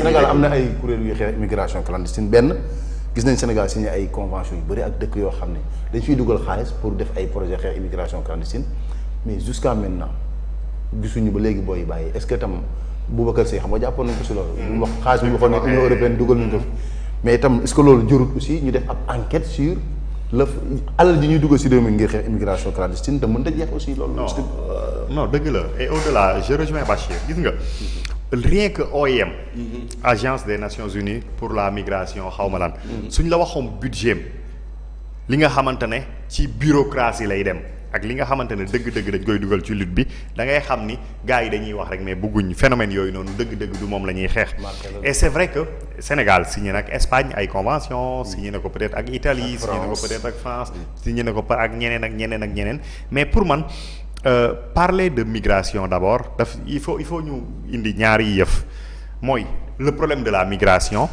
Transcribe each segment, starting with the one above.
Sénégal am na ay kuréel yuy xeex immigration clandestine benn gis nañ Sénégal signé ay convention yu bëri ak dëkk yoo xam ne dañ fiy dugal xaalis pour def ay projet xeex immigration clandestine mais jusqu'à maintenant gisuñu ba léegi booy bàyyi est-ce que tam Boubacar Seye xam nga jàppoon nañ loolu. bu dugal nañ ko mais itam est-ce que loolu jërut aussi ñu def ab enquête sur la alal ji ñuy dugal si réew mi ngir xeex immigration clandestine te mën a jeex aussi loolu. non euh, non dëgg la et au-delà je rejoins gis nga. Mhm. rien que OIM e agence des Nations Unies pour la migration xaw ma lan suñ la waxoon budget li nga xamante ne ci bureaucratie lay dem ak li nga xamante ne dëgg-dëgg dañ koy dugal ci lutte bi da ngay xam ni gars yi dañuy wax rek mais bëgguñ phénomène yoy noonu dëgg-dëgg du moom la ñuy xeex et c'est vrai que Sénégal signé nag Espagne ay convention mm. signé na ko peut-être ak Italie signé le ko peut-être ak France mm. signé na ko ak ñeneen ak ñeneen ak ñeneen mais pour man euh, parler de migration d'abord il faut il faut ñu indi ñaari yëf mooy le problème de la migration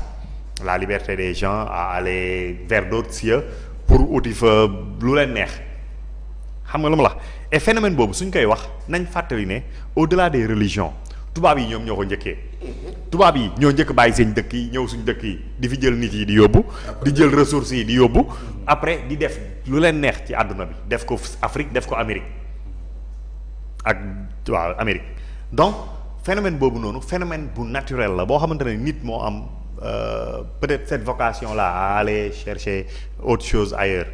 la liberté des gens à aller vers d'autres lieux pour uti fa lu leen neex xam nga lu mu la et phénomène boobu suñ koy wax nañ fàttali ne au-delà des religions tubaab yi ñoom ñoo ko njëkkee tubaab yi ñoo njëkk bàyyi seen dëkk yi ñëw suñ dëkk yi di fi jël nit yi di yóbbu di jël ressources yi di yóbbu après di def lu leen neex ci àdduna bi def ko Afrique def ko Amérique Amérique donc phénomène bobu phénomène bu naturel la bo xamante nit am euh, peut-être cette vocation là à aller chercher autre chose ailleurs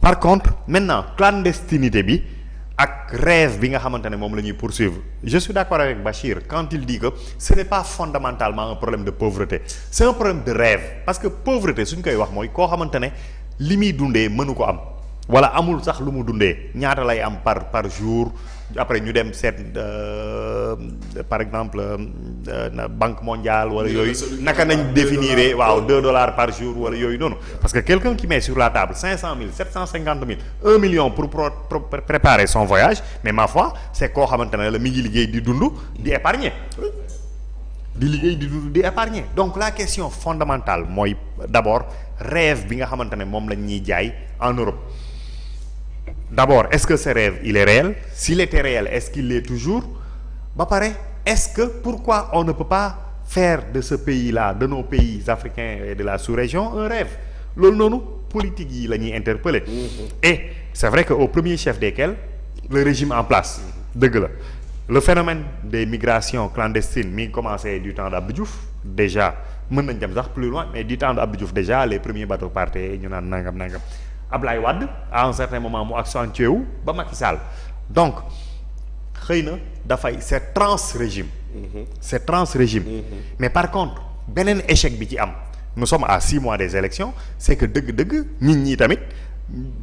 par contre maintenant clandestinité bi ak rêve bi nga xamante mom lañuy poursuivre je suis d'accord avec Bachir quand il dit que ce n'est pas fondamentalement un problème de pauvreté c'est un problème de rêve parce que pauvreté suñ koy wax moy ko xamante limi dundé mënu ko am voilà amul sax lu mu dundé ñaata lay am par par jour après ñu dem euh, par exemple euh, banque mondiale wala yoy naka nañ définir 2 dollars par jour wala yoy parce que quelqu'un qui met sur la table 500 000 750 000 1 million pour, préparer son voyage mais ma foi c'est ko xamantene le mi ngi liggéey di épargner di di di épargner donc la question fondamentale moy d'abord rêve bi nga xamantene mom en Europe d'abord est-ce que ce rêve il est réel s'il était réel est-ce qu'il l'est toujours Bah pareil, est-ce que pourquoi on ne peut pas faire de ce pays-là de nos pays africains et de la sous-région un rêve Le nonou, politique il interpellé. interpellé. Mm-hmm. et c'est vrai que au premier chef desquels le régime en place mm-hmm. le phénomène des migrations clandestines mi commencé du temps d'Abidjouf, déjà Nous plus loin mais du temps d'Abidjouf, déjà les premiers bateaux partaient à un certain moment il accentué wu ba Macky Sall donc c'est trans régime. Mhm. c'est trans régime. Mhm. mais par contre beneen échec bi ci nous sommes à six mois des élections c'est que deug deug nit tamit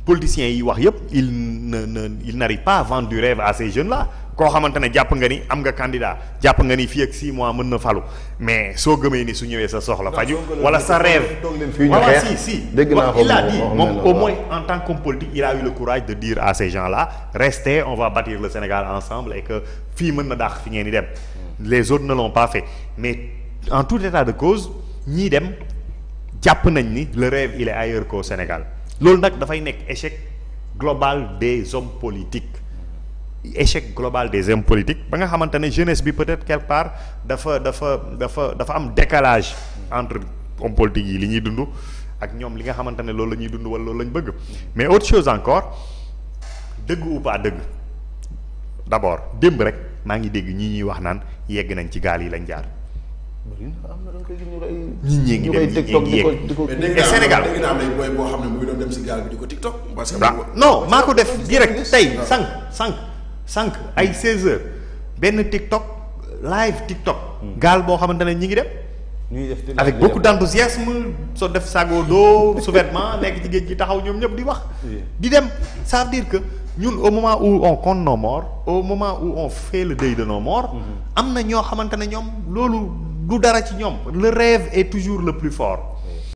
politiciens yi wax il pas à vendre du rêve à ces jeunes là ko xamantene japp jàpp nga ni am nga candidat japp nga ni fii ak 6 mois mën na falu mais so gëmee ni su ñëwee sa soxla faju wala sa rêve voilà si si il a dit au moins en tant qu'homme politique il a eu le courage de dire à ces gens-là restez on va bâtir le Sénégal ensemble et que fi mën na daax fi ngeen dem les autres ne l'ont pas fait mais en tout état de cause ñi dem japp nañ ni le rêve il est ailleurs qu'au Sénégal nak da fay nek échec global des hommes politiques échec global des hommes politiques ba nga xamante ne jeunesse bi peut-être quelque part dafa dafa dafa dafa am décalage entre hommes politiques yi li ñuy dund ak ñoom li nga xamante ne loolu la ñuy dund wala loolu la ñu bëgg mais autre chose encore dëgg ou pas dëgg d'abord démb rek maa ngi dégg ñi ñuy wax naan yegg nañ ci gaal yi lañ jaar. ñi ñee ngi dem ñi ngi yegg et Sénégal dégg ngi dem si parce que non maa ko def direct tey sànq sànq. cinq ay 16h benn TikTok live TikTok. Hmm. gaal boo xamante ne ñi ngi dem. ñuy def avec beaucoup d'enthousiasme soo def sago doo sous-vêtement nekk ci géej gi taxaw ñoom ñëpp di wax. di dem ça veut dire que ñun au moment où on compte nos morts au moment où on fait le deuil de nos morts. Hmm. am na ñoo xamante ne ñoom loolu du dara ci ñoom. le rêve est toujours le plus fort.